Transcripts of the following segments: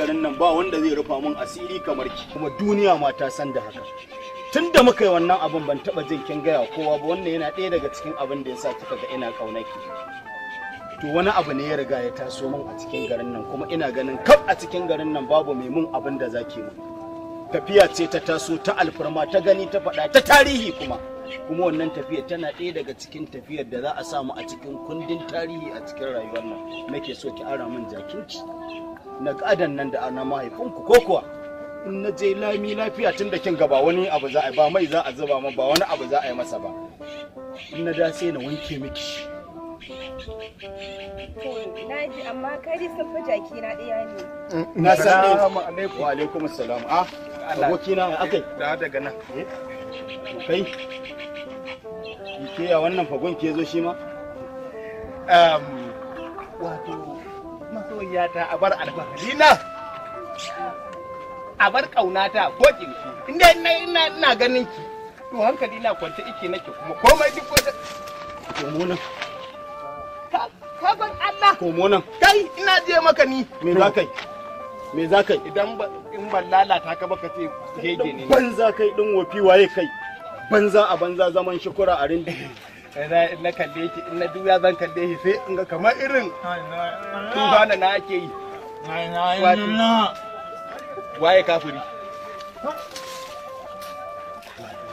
garin nan ba wanda zai rufa mun asiri kamar ki kuma duniya ma ta san da haka tunda muka yi wannan abin ban taba jin kin gaya kowa ba wannan yana ɗaya daga cikin abin da yasa kika ga ina kaunaki to wani abu ne ya riga ya taso min a cikin garin nan kuma ina ganin kaf a cikin garin nan babu mai mun abin da zaki mu tafiya ce ta taso ta alfarma ta gani ta faɗa ta tarihi kuma kuma wannan tafiyar tana ɗaya daga cikin tafiyar da za a samu a cikin kundin tarihi a cikin rayuwar nan nake so ki ara min jakinki na kadan nan da na mahaifinku ko kuwa in na je lami lafiya tun da kin ga ba wani abu za a ba mai za a zuba ma ba wani abu za a yi masa ba in na da na wanke miki na kai san ne alaikum ke ya wannan fagon ke zo shi ma wato masoyiya ta a bar alfahari na a bar ƙaunata ko kinki inda ina ina ganin ki to hankali na kwance ike nake kuma komai duk wata komo nan kagon Allah komo nan kai ina je maka ni me za kai me za kai idan in ban lalata ka baka ce hege ne ban za kai din wofi waye kai banza a banza zaman shukura a rindin na kalle ki in na zan sai in ga kamar irin tufana na ake yi waye kafiri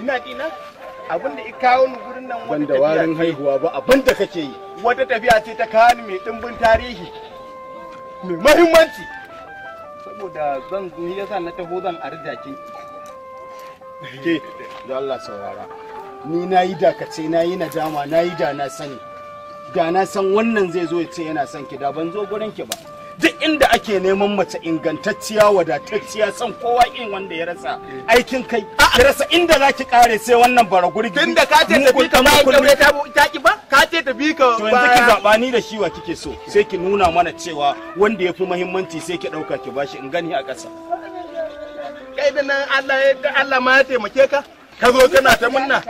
ina dina da kawo ni gurin nan wanda warin haihuwa ba wata tafiya ce ta kawo mai dimbin tarihi mai mahimmanci saboda zan yi yasa na taho zan arja ke da Allah saurara ni na yi dakace na yi nadama na yi da na sani da na san wannan zai zo ya ce yana son ki da ban zo gurin ki ba duk inda ake neman mace ingantacciya wadatacciya san kowa in wanda ya rasa aikin kai ya rasa inda zaki kare sai wannan bara guri tun da ka ce bi ka bayan kaure ta ki ba ka ce bi ka to yanzu ki zaba ni da shi wa kike so sai ki nuna mana cewa wanda ya fi muhimmanci sai ki dauka ki bashi in gani a ƙasa kai da nan Allah ya Allah ma ya taimake ka ka zo kana ta munna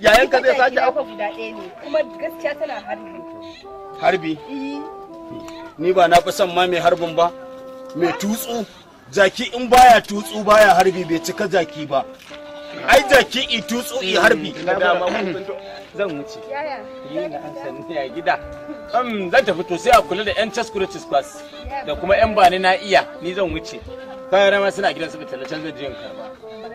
yayan ka zai sake aure guda ɗaya ne kuma gaskiya tana harbi harbi eh. ni ba na fi son ma mai harbin ba mai tutsu jaki in baya tutsu baya harbi bai cika jaki ba ai jaki i tutsu i harbi zan wuce ya gida zan tafi to sai a kula da yan taskuratis class da kuma yan bani na iya ni zan wuce kayan rama suna gidan su da talacen zan je in karba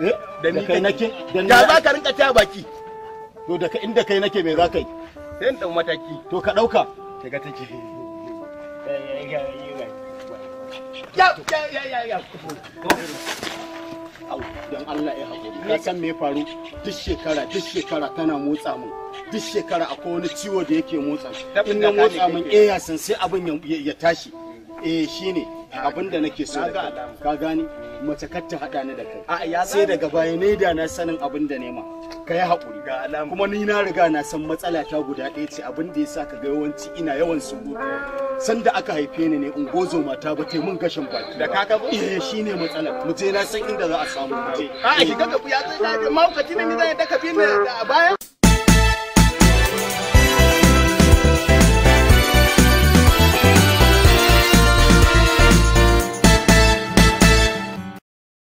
Eh? da ni kai nake da za ka rinka ta baki to da inda kai nake me za ka yi sai mataki to ka dauka kaga take ya ya ya ya ya dan Allah ya ka san me faru duk shekara duk shekara tana motsa mun duk shekara akwai wani ciwo da yake motsa in na motsa mun eh ya san sai abin ya tashi eh shine abin da nake so da ka gani mace kar ta hada ni da kai sai daga baya ne da na sanin abin da nema ka yi haƙuri kuma ni na riga na san matsala ta guda ɗaya ce abin da yasa ka ga yawanci ina yawan surutu sanda aka haife ni ne in gozo mata ba ta mun gashin baki da kaka ba eh shine matsala mu je na san inda za a samu mu je a ki ga ya zai da maukaci ne ni zai da ka bi ni a baya